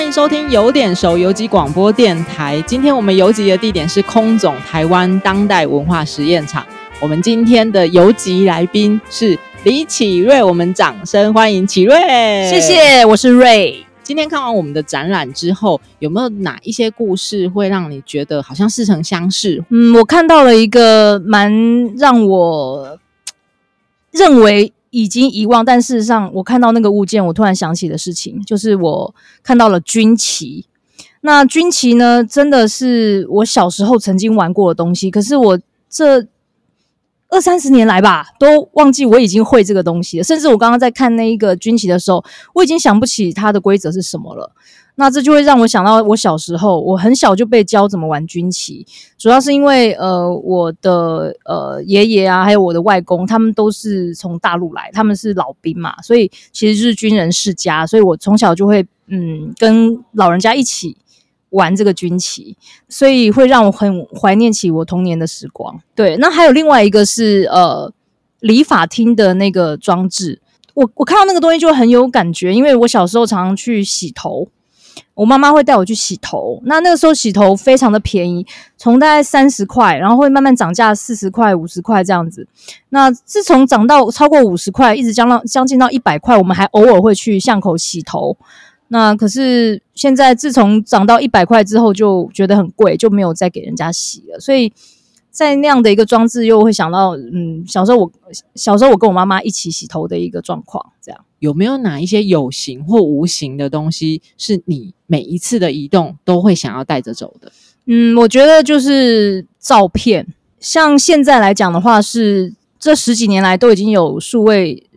歡迎收聽有點熟游擊廣播電台。今天我們游擊的地點是空總臺灣當代文化實驗場。我們今天的游擊來賓是李啟瑞，我們掌聲歡迎啟瑞。謝謝，我是瑞。今天看完我們的展覽之後，有沒有哪一些故事會讓你覺得好像似曾相識？嗯，我看到了一個蠻讓我認為。已經遺忘，但事實上，我看到那個物件，我突然想起的事情，就是我看到了軍旗。那軍旗呢，真的是我小時候曾經玩過的東西。可是我這……二三十年來吧，都忘記我已經會這個東西了。甚至我剛剛在看那一個軍旗的時候，我已經想不起它的規則是什麼了。那這就會讓我想到我小時候，我很小就被教怎麼玩軍旗，主要是因為呃，我的呃爺爺啊，還有我的外公，他們都是從大陸來，他們是老兵嘛，所以其實就是軍人世家，所以我從小就會嗯跟老人家一起。玩這個軍棋，所以會讓我很懷念起我童年的時光。對，那還有另外一個是呃理髮廳的那個裝置，我我看到那個東西就很有感覺，因為我小時候常常去洗頭，我媽媽會帶我去洗頭。那那個時候洗頭非常的便宜，從大概三十塊，然後會慢慢漲價，四十塊、五十塊這樣子。那自從漲到超過五十塊，一直將到將近到一百塊，我們還偶爾會去巷口洗頭。那可是現在，自從漲到一百塊之後，就覺得很貴，就沒有再給人家洗了。所以在那樣的一個裝置，又會想到，嗯，小時候我，小時候我跟我媽媽一起洗頭的一個狀況，這樣。有沒有哪一些有形或無形的東西，是你每一次的移動都會想要帶着走的？嗯，我覺得就是照片。像現在來講的話是，是這十幾年來都已經有數位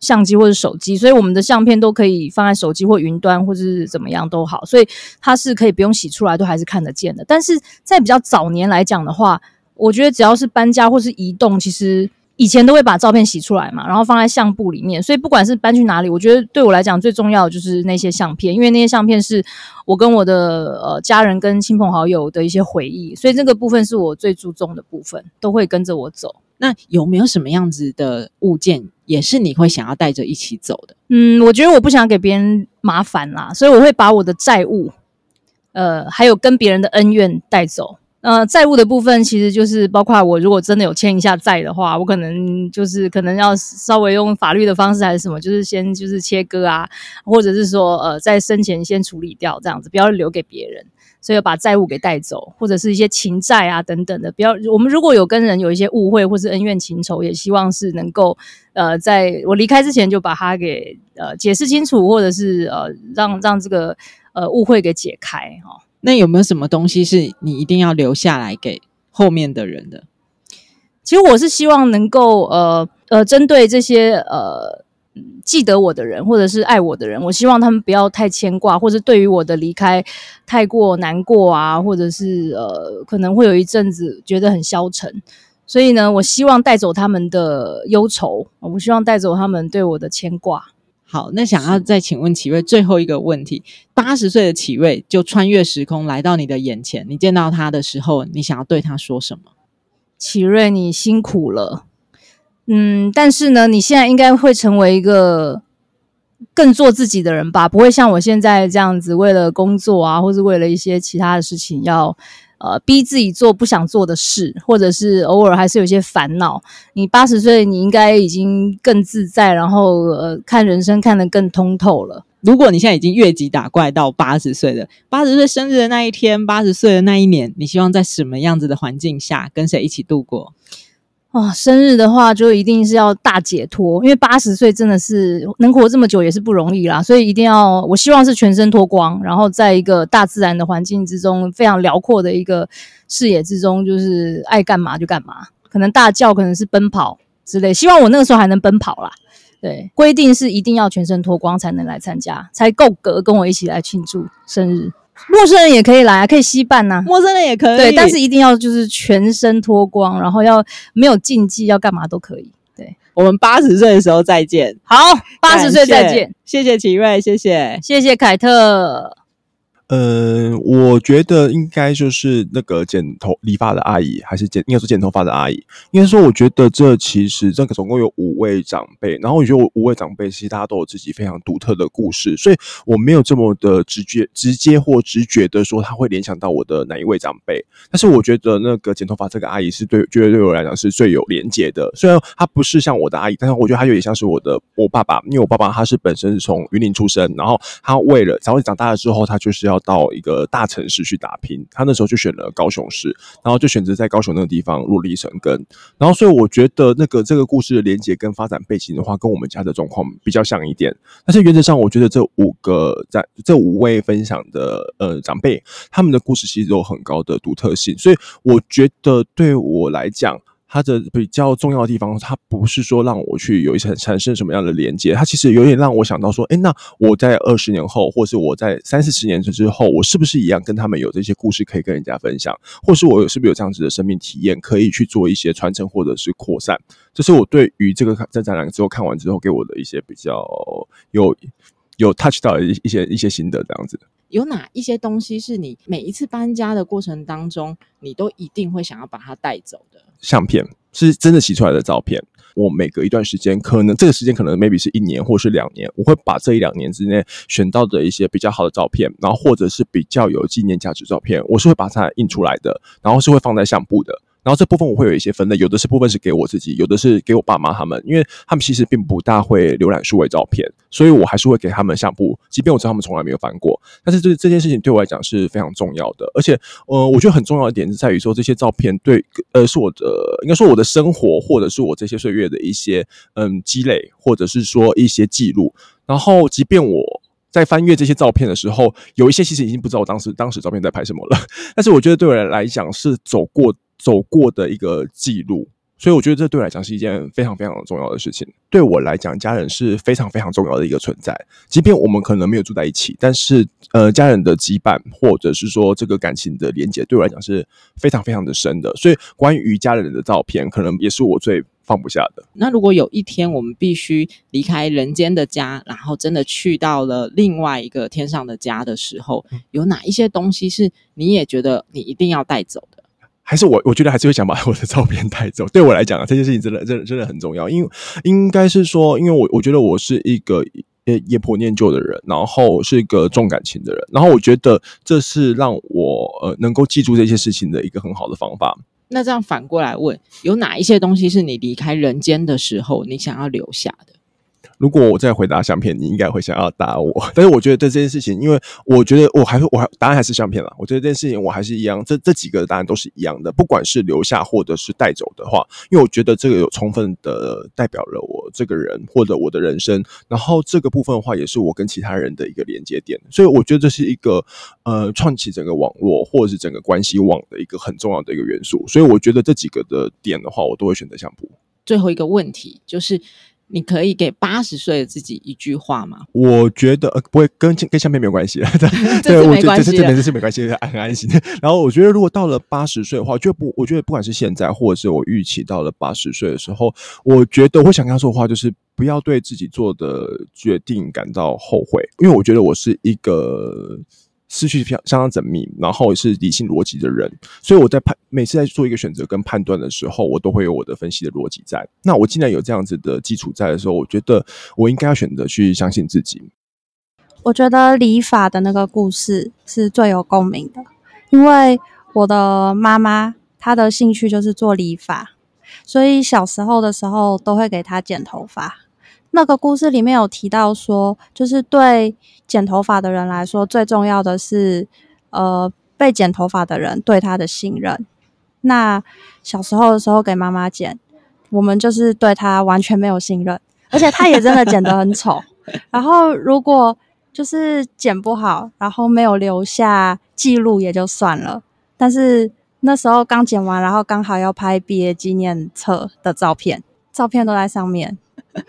相機或者手機，所以我們的相片都可以放在手機或雲端，或者是怎麼樣都好，所以它是可以不用洗出來，都還是看得見的。但是在比較早年來講的話，我覺得只要是搬家或是移動，其實以前都會把照片洗出來嘛，然後放在相簿裡面。所以不管是搬去哪裡，我覺得對我來講最重要的就是那些相片，因為那些相片是我跟我的呃家人跟親朋好友的一些回憶，所以這個部分是我最注重的部分，都會跟着我走。那有沒有什麼樣子的物件？也是你會想要帶着一起走的。嗯，我覺得我不想給別人麻煩啦，所以我會把我的債務，呃，還有跟別人的恩怨帶走。呃，債務的部分其實就是包括我如果真的有欠一下債的話，我可能就是可能要稍微用法律的方式還是什麼，就是先就是切割啊，或者是說呃在生前先處理掉，這樣子，不要留給別人。所以把債務給帶走，或者是一些情債啊等等的，不要。我們如果有跟人有一些誤會，或是恩怨情仇，也希望是能夠呃，在我離開之前就把它給呃解釋清楚，或者是呃讓讓這個呃誤會給解開哈。喔，那有沒有什麼東西是你一定要留下來給後面的人的？其實我是希望能夠呃呃針對這些呃。記得我的人，或者是愛我的人，我希望他們不要太牽掛，或者對於我的離開太過難過啊，或者是呃，可能會有一陣子覺得很消沉。所以呢，我希望帶走他們的憂愁，我希望帶走他們對我的牽掛。好，那想要再請問奇瑞最後一個問題：八十歲的奇瑞就穿越時空來到你的眼前，你見到他的時候，你想要對他說什麼？奇瑞，你辛苦了。嗯，但是呢，你現在應該會成為一個更做自己的人吧？不會像我現在這樣子，為了工作啊，或是為了一些其他的事情要，要呃逼自己做不想做的事，或者是偶爾還是有些煩惱。你八十歲，你應該已經更自在，然後呃看人生看得更通透了。如果你現在已經越級打怪到八十歲了，八十歲生日的那一天，八十歲的那一年，你希望在什麼樣子的環境下跟誰一起度過？啊、哦，生日的話就一定是要大解脫，因為八十歲真的是能活這麼久也是不容易啦，所以一定要，我希望是全身脫光，然後在一個大自然的環境之中，非常遼闊的一個視野之中，就是愛幹嘛就幹嘛，可能大叫，可能是奔跑之類，希望我那個時候還能奔跑啦。對，規定是一定要全身脫光才能來參加，才夠格跟我一起來慶祝生日。陌生人也可以來啊，可以吸伴吶。陌生人也可以，對，但是一定要就是全身脫光，然後要沒有禁忌，要幹嘛都可以。對，我們八十歲的時候再見。好，八十，感謝。歲再見。謝謝奇瑞，謝謝，謝謝凱特。呃、嗯，我覺得應該就是那個剪頭理髮的阿姨，還是剪，應該是剪頭髮的阿姨。應該說，我覺得這其實這個總共有五位長輩，然後我覺得我五位長輩其實大家都有自己非常獨特的故事，所以我沒有這麼的直覺，直接或直覺的說他會聯想到我的哪一位長輩。但是我覺得那個剪頭髮這個阿姨是對，覺得對我來講是最有連結的。雖然她不是像我的阿姨，但是我覺得她有點像是我的我爸爸，因為我爸爸他是本身是從雲林出生，然後他為了小孩子長大了之後，他就是要。要到一個大城市去打拼，他那時候就選了高雄市，然後就選擇在高雄那個地方落地生根。然後，所以我覺得那個這個故事的連接跟發展背景的話，跟我們家的狀況比較像一點。但是原則上，我覺得這五個在這五位分享的呃長輩他們的故事其實都有很高的獨特性，所以我覺得對我來講。它的比較重要的地方，它不是說讓我去有一些產生什麼樣的連接，它其實有點讓我想到說，哎、欸，那我在二十年後，或是我在三四十年之後，我是不是一樣跟他們有這些故事可以跟人家分享，或是我是不是有這樣子的生命體驗可以去做一些傳承或者是擴散？這是我對於這個在展覽之後看完之後給我的一些比較有有 touch 到的一些一些心得這樣子的。有哪一些東西是你每一次搬家的過程當中，你都一定會想要把它帶走的？相片是真的洗出來的照片。我每隔一段時間，可能這個時間可能 maybe 是一年或是兩年，我會把這一兩年之內選到的一些比較好的照片，然後或者是比較有紀念價值照片，我是會把它印出來的，然後是會放在相簿的。然後這部分我會有一些分類，有的是部分是給我自己，有的是給我爸媽他們，因為他們其實並不大會瀏覽數位照片，所以我還是會給他們相簿。即便我知道他們從來沒有翻過，但是這這件事情對我來講是非常重要的。而且，呃，我覺得很重要的點是在於說，這些照片對呃是我的，應該說我的生活，或者是我這些歲月的一些嗯、呃、積累，或者是說一些記錄。然後，即便我在翻閱這些照片的時候，有一些其實已經不知道我當時當時照片在拍什麼了，但是我覺得對我來來講是走過走過的一個記錄，所以我覺得這對我來講是一件非常非常重要的事情。對我來講，家人是非常非常重要的一個存在。即便我們可能沒有住在一起，但是呃，家人的羈絆或者是說這個感情的連接，對我來講是非常非常的深的。所以關於家人的照片，可能也是我最放不下的。那如果有一天我們必須離開人間的家，然後真的去到了另外一個天上的家的時候，有哪一些東西是你也覺得你一定要帶走的？還是我，我覺得還是會想把我的照片帶走。對我來講啊，這件事情真的、真的、真的很重要。因為應該是說，因為我我覺得我是一個也也頗念舊的人，然後是一個重感情的人，然後我覺得這是讓我呃能夠記住這些事情的一個很好的方法。那這樣反過來問，有哪一些東西是你離開人間的時候你想要留下的？如果我再回答相片，你應該會想要打我。但是我覺得這這件事情，因為我覺得我還會，我還答案還是相片啦。我覺得這件事情我還是一樣，這這幾個答案都是一樣的。不管是留下或者是帶走的話，因為我覺得這個有充分的代表了我這個人或者我的人生。然後這個部分的話，也是我跟其他人的一個連接點。所以我覺得這是一個呃，串起整個網絡或者是整個關係網的一個很重要的一個元素。所以我覺得這幾個的點的話，我都會選擇相簿。最後一個問題就是。你可以給八十歲的自己一句話嗎？我覺得，呃，不會跟跟相片沒有關係，對，這是沒關係，是沒關係，很安心。然後我覺得，如果到了八十歲的話，就不，我覺得不管是現在或者是我預期到了八十歲的時候，我覺得我想跟他說的話，就是不要對自己做的決定感到後悔，因為我覺得我是一個。思緒相相當縝密，然後也是理性邏輯的人，所以我在判每次在做一個選擇跟判斷的時候，我都會有我的分析的邏輯在。那我既然有這樣子的基礎在的時候，我覺得我應該要選擇去相信自己。我覺得理髮的那個故事是最有共鳴的，因為我的媽媽她的興趣就是做理髮，所以小時候的時候都會給她剪頭髮。那個故事裡面有提到說，就是對剪頭髮的人來說，最重要的是，呃，被剪頭髮的人對他的信任。那小時候的時候給媽媽剪，我們就是對他完全沒有信任，而且他也真的剪得很醜。 然後如果就是剪不好，然後沒有留下記錄也就算了。但是那時候剛剪完，然後剛好要拍畢業紀念冊的照片，照片都在上面。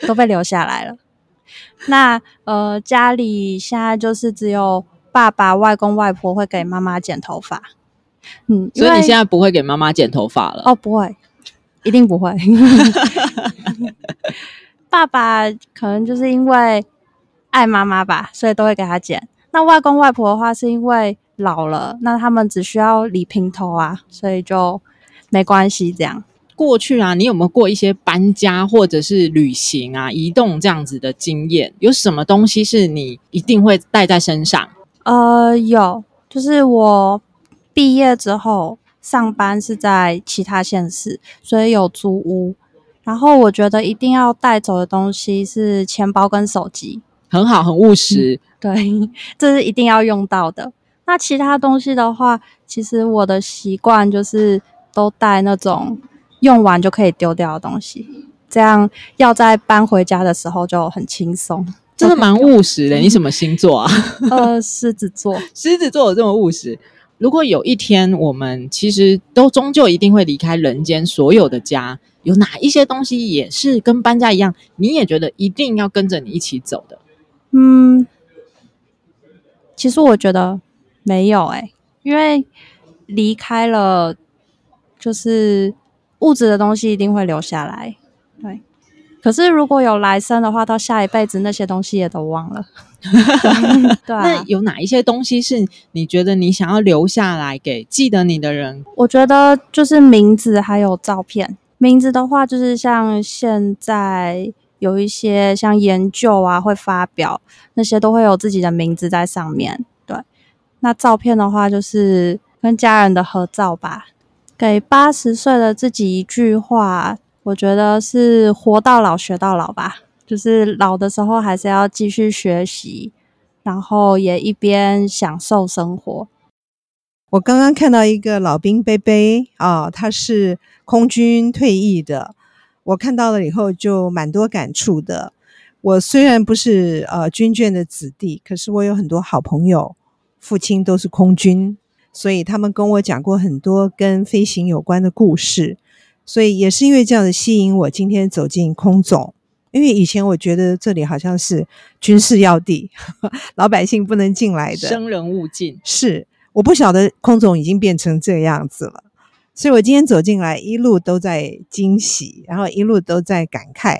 都被留下來了。那呃，家裡現在就是只有爸爸、外公、外婆會給媽媽剪頭髮。嗯，所以你現在不會給媽媽剪頭髮了？哦，不會，一定不會。 爸爸可能就是因為愛媽媽吧，所以都會給她剪。那外公外婆的話是因為老了，那他們只需要理平頭啊，所以就沒關係這樣。過去啊，你有沒有過一些搬家或者是旅行啊、移動這樣子的經驗？有什麼東西是你一定會帶在身上？呃，有，就是我畢業之後上班是在其他縣市，所以有租屋。然後我覺得一定要帶走的東西是錢包跟手機，很好，很務實。 對，這是一定要用到的。那其他東西的話，其實我的習慣就是都帶那種。用完就可以丟掉的東西，這樣要在搬回家的時候就很輕鬆。真的蠻務實的。你什麼星座啊？呃，獅子座。 獅子座有這麼務實？如果有一天我們其實都終究一定會離開人間，所有的家有哪一些東西也是跟搬家一樣？你也覺得一定要跟着你一起走的？嗯，其實我覺得沒有欸，因為離開了就是。物質的東西一定會留下來，對。可是如果有來生的話，到下一輩子，那些東西也都忘了。 對啊。有哪一些東西是你覺得你想要留下來給記得你的人？我覺得就是名字還有照片。名字的話，就是像現在有一些像研究啊，會發表那些都會有自己的名字在上面。對。那照片的話，就是跟家人的合照吧。給八十歲的自己一句話，我覺得是“活到老，學到老”吧。就是老的時候還是要繼續學習，然後也一邊享受生活。我剛剛看到一個老兵杯杯啊，他是空軍退役的。我看到了以後就蠻多感觸的。我雖然不是呃軍眷的子弟，可是我有很多好朋友，父親都是空軍。所以他們跟我講過很多跟飛行有關的故事，所以也是因為這樣子吸引我今天走進空總。因為以前我覺得這裡好像是軍事要地，嗯、老百姓不能進來的，生人勿進。是，我不曉得空總已經變成這樣子了。所以我今天走進來，一路都在驚喜，然後一路都在感慨，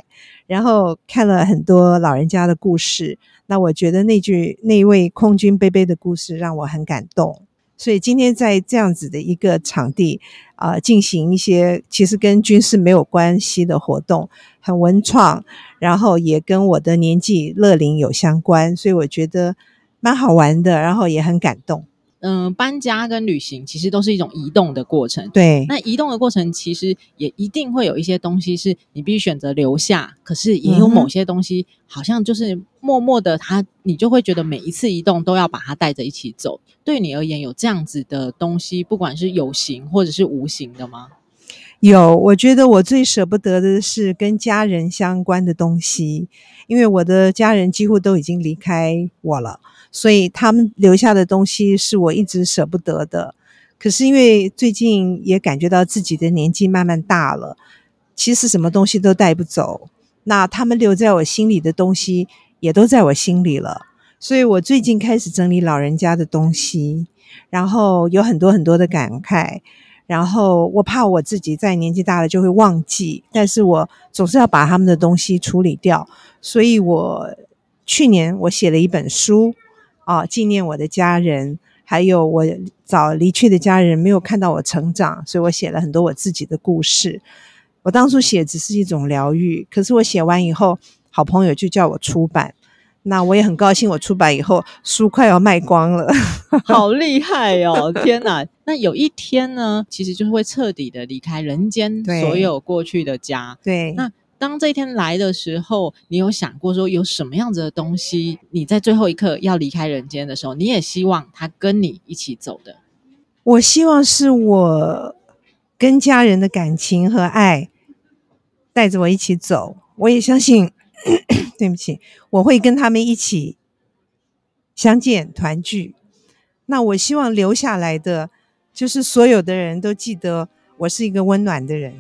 然後看了很多老人家的故事。那我覺得那句那一位空軍杯杯的故事讓我很感動。所以今天在這樣子的一個場地啊，呃，進行一些其實跟軍事沒有關係的活動，很文創，然後也跟我的年紀、樂齡有相關，所以我覺得蠻好玩的，然後也很感動。嗯、呃，搬家跟旅行其實都是一種移動的過程。對，那移動的過程其實也一定會有一些東西是你必須選擇留下，可是也有某些東西、嗯、哼好像就是默默的它，它你就會覺得每一次移動都要把它帶着一起走。對你而言，有這樣子的東西，不管是有形或者是無形的嗎？有，我覺得我最捨不得的是跟家人相關的東西，因為我的家人幾乎都已經離開我了，所以他們留下的東西是我一直捨不得的。可是因為最近也感覺到自己的年紀慢慢大了，其實什麼東西都帶不走，那他們留在我心裡的東西也都在我心裡了。所以我最近開始整理老人家的東西，然後有很多很多的感慨。然後我怕我自己在年紀大了就會忘記，但是我總是要把他們的東西處理掉，所以我去年我寫了一本書，啊、呃，紀念我的家人，還有我早離去的家人沒有看到我成長，所以我寫了很多我自己的故事。我當初寫只是一種療癒，可是我寫完以後，好朋友就叫我出版，那我也很高興。我出版以後，書快要賣光了， 好厲害哦！天吶 那有一天呢，其實就是會徹底的離開人間，所有過去的家。對，對。那當這一天來的時候，你有想過說有什麼樣子的東西，你在最後一刻要離開人間的時候，你也希望他跟你一起走的？我希望是我跟家人的感情和愛帶着我一起走。我也相信， 對不起，我會跟他們一起相見團聚。那我希望留下來的。就是所有的人都記得我是一個溫暖的人。